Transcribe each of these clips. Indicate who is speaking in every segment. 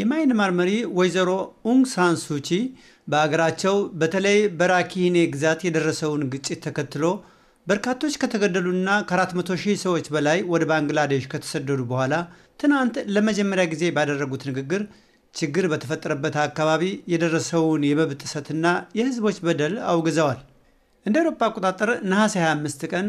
Speaker 1: የማይንማር መሪ ወይዘሮ ኡንግ ሳንሱቺ በአገራቸው በተለይ በራኪኔ ግዛት የደረሰውን ግጭት ተከትሎ በርካቶች ከተገደሉና ከ400 ሺህ ሰዎች በላይ ወደ ባንግላዴሽ ከተሰደዱ በኋላ ትናንት ለመጀመሪያ ጊዜ ባደረጉት ንግግር ችግር በተፈጠረበት አካባቢ የደረሰውን የመብት ጥሰትና የህዝቦች በደል አውግዘዋል። እንደ አውሮፓ አቆጣጠር ነሐሴ 25 ቀን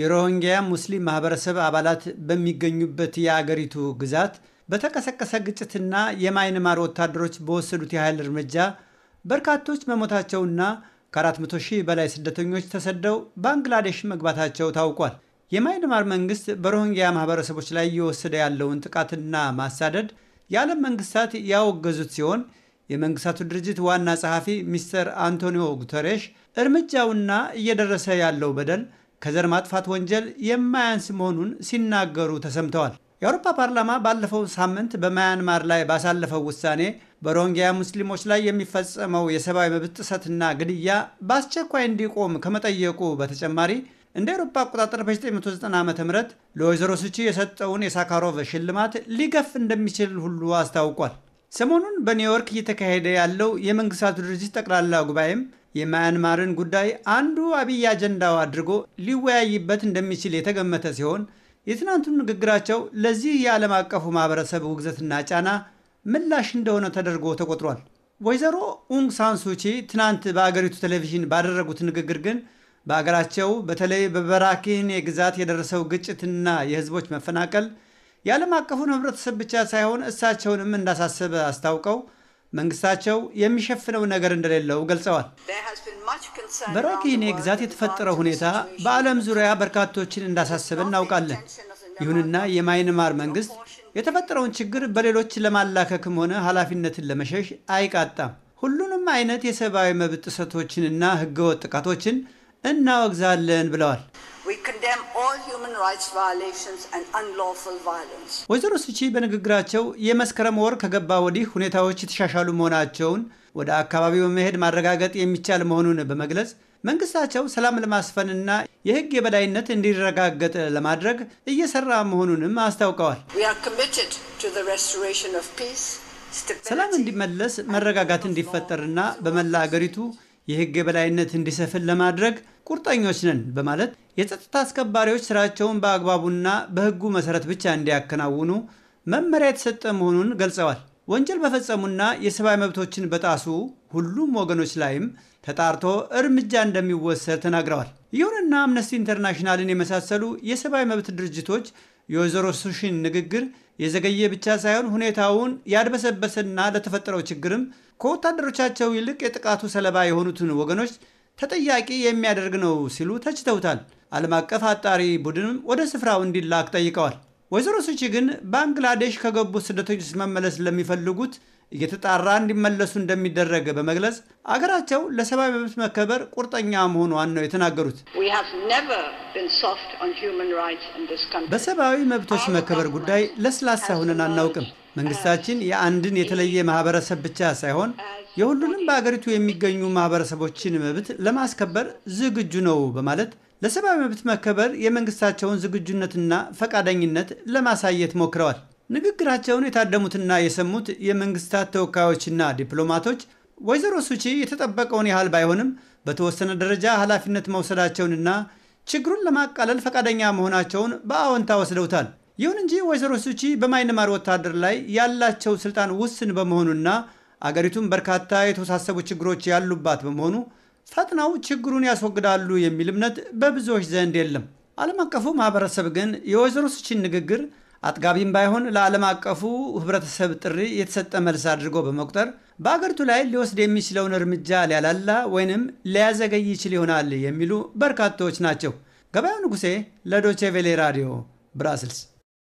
Speaker 1: የሮሂንግያ ሙስሊም ማህበረሰብ አባላት በሚገኙበት የአገሪቱ ግዛት በተቀሰቀሰ ግጭትና የማይንማር ወታደሮች በወሰዱት የኃይል እርምጃ በርካቶች መሞታቸውና ከ400 ሺህ በላይ ስደተኞች ተሰደው ባንግላዴሽ መግባታቸው ታውቋል። የማይንማር መንግስት በሮሂንግያ ማህበረሰቦች ላይ እየወሰደ ያለውን ጥቃትና ማሳደድ የዓለም መንግስታት ያወገዙት ሲሆን የመንግስታቱ ድርጅት ዋና ጸሐፊ ሚስተር አንቶኒዮ ጉተሬሽ እርምጃውና እየደረሰ ያለው በደል ከዘር ማጥፋት ወንጀል የማያንስ መሆኑን ሲናገሩ ተሰምተዋል። የአውሮፓ ፓርላማ ባለፈው ሳምንት በማያንማር ላይ ባሳለፈው ውሳኔ በሮንጊያ ሙስሊሞች ላይ የሚፈጸመው የሰብአዊ መብት ጥሰትና ግድያ በአስቸኳይ እንዲቆም ከመጠየቁ በተጨማሪ እንደ አውሮፓ አቆጣጠር በ1990 ዓ ም ለወይዘሮ ስቺ የሰጠውን የሳካሮቭ ሽልማት ሊገፍ እንደሚችል ሁሉ አስታውቋል። ሰሞኑን በኒውዮርክ እየተካሄደ ያለው የመንግስታቱ ድርጅት ጠቅላላ ጉባኤም የማያንማርን ጉዳይ አንዱ አብይ አጀንዳው አድርጎ ሊወያይበት እንደሚችል የተገመተ ሲሆን የትናንቱን ንግግራቸው ለዚህ የዓለም አቀፉ ማህበረሰብ ውግዘትና ጫና ምላሽ እንደሆነ ተደርጎ ተቆጥሯል። ወይዘሮ ኡንግ ሳንሱቺ ትናንት በአገሪቱ ቴሌቪዥን ባደረጉት ንግግር ግን በአገራቸው በተለይ በበራኪኔ ግዛት የደረሰው ግጭትና የህዝቦች መፈናቀል የዓለም አቀፉን ህብረተሰብ ብቻ ሳይሆን እሳቸውንም እንዳሳሰበ አስታውቀው መንግስታቸው የሚሸፍነው ነገር እንደሌለው ገልጸዋል። በሮኪ ኔ ግዛት የተፈጠረው ሁኔታ በዓለም ዙሪያ በርካቶችን እንዳሳሰበ እናውቃለን። ይሁንና የማይንማር መንግስት የተፈጠረውን ችግር በሌሎች ለማላከክም ሆነ ኃላፊነትን ለመሸሽ አይቃጣም። ሁሉንም አይነት የሰብአዊ መብት ጥሰቶችንና ህገወጥ ጥቃቶችን እናወግዛለን ብለዋል። ወይዘሮ ሱቺ በንግግራቸው የመስከረም ወር ከገባ ወዲህ ሁኔታዎች የተሻሻሉ መሆናቸውን ወደ አካባቢው በመሄድ ማረጋገጥ የሚቻል መሆኑን በመግለጽ መንግስታቸው ሰላም ለማስፈንና የሕግ የበላይነት እንዲረጋገጥ ለማድረግ እየሰራ መሆኑንም አስታውቀዋል። ሰላም እንዲመለስ መረጋጋት እንዲፈጠርና በመላ አገሪቱ የህግ የበላይነት እንዲሰፍን ለማድረግ ቁርጠኞች ነን በማለት የጸጥታ አስከባሪዎች ስራቸውን በአግባቡና በህጉ መሰረት ብቻ እንዲያከናውኑ መመሪያ የተሰጠ መሆኑን ገልጸዋል። ወንጀል በፈጸሙና የሰብአዊ መብቶችን በጣሱ ሁሉም ወገኖች ላይም ተጣርቶ እርምጃ እንደሚወሰድ ተናግረዋል። ይሁንና አምነስቲ ኢንተርናሽናልን የመሳሰሉ የሰብአዊ መብት ድርጅቶች የወይዘሮ ሱሽን ንግግር የዘገየ ብቻ ሳይሆን ሁኔታውን ያድበሰበሰና ለተፈጠረው ችግርም ከወታደሮቻቸው ይልቅ የጥቃቱ ሰለባ የሆኑትን ወገኖች ተጠያቂ የሚያደርግ ነው ሲሉ ተችተውታል። ዓለም አቀፍ አጣሪ ቡድንም ወደ ስፍራው እንዲላክ ጠይቀዋል። ወይዘሮ ሱቺ ግን ባንግላዴሽ ከገቡት ስደተኞች መመለስ ለሚፈልጉት እየተጣራ እንዲመለሱ እንደሚደረግ በመግለጽ አገራቸው ለሰብአዊ መብት መከበር ቁርጠኛ መሆኗን ነው የተናገሩት። በሰብአዊ መብቶች መከበር ጉዳይ ለስላሳ ሆነን አናውቅም። መንግስታችን የአንድን የተለየ ማህበረሰብ ብቻ ሳይሆን የሁሉንም በአገሪቱ የሚገኙ ማህበረሰቦችን መብት ለማስከበር ዝግጁ ነው በማለት ለሰብአዊ መብት መከበር የመንግስታቸውን ዝግጁነትና ፈቃደኝነት ለማሳየት ሞክረዋል። ንግግራቸውን የታደሙትና የሰሙት የመንግስታት ተወካዮችና ዲፕሎማቶች ወይዘሮ ሱቺ የተጠበቀውን ያህል ባይሆንም በተወሰነ ደረጃ ኃላፊነት መውሰዳቸውንና ችግሩን ለማቃለል ፈቃደኛ መሆናቸውን በአዎንታ ወስደውታል። ይሁን እንጂ ወይዘሮ ሱቺ በማይንማር ወታደር ላይ ያላቸው ስልጣን ውስን በመሆኑና አገሪቱም በርካታ የተወሳሰቡ ችግሮች ያሉባት በመሆኑ ፈጥነው ችግሩን ያስወግዳሉ የሚል እምነት በብዙዎች ዘንድ የለም። ዓለም አቀፉ ማህበረሰብ ግን የወይዘሮ ሱቺን ንግግር አጥጋቢም ባይሆን ለዓለም አቀፉ ህብረተሰብ ጥሪ የተሰጠ መልስ አድርጎ በመቁጠር በአገሪቱ ላይ ሊወስድ የሚችለውን እርምጃ ሊያላላ ወይንም ሊያዘገይ ይችል ይሆናል የሚሉ በርካታዎች ናቸው። ገበያው ንጉሴ ለዶቼቬሌ ራዲዮ ብራስልስ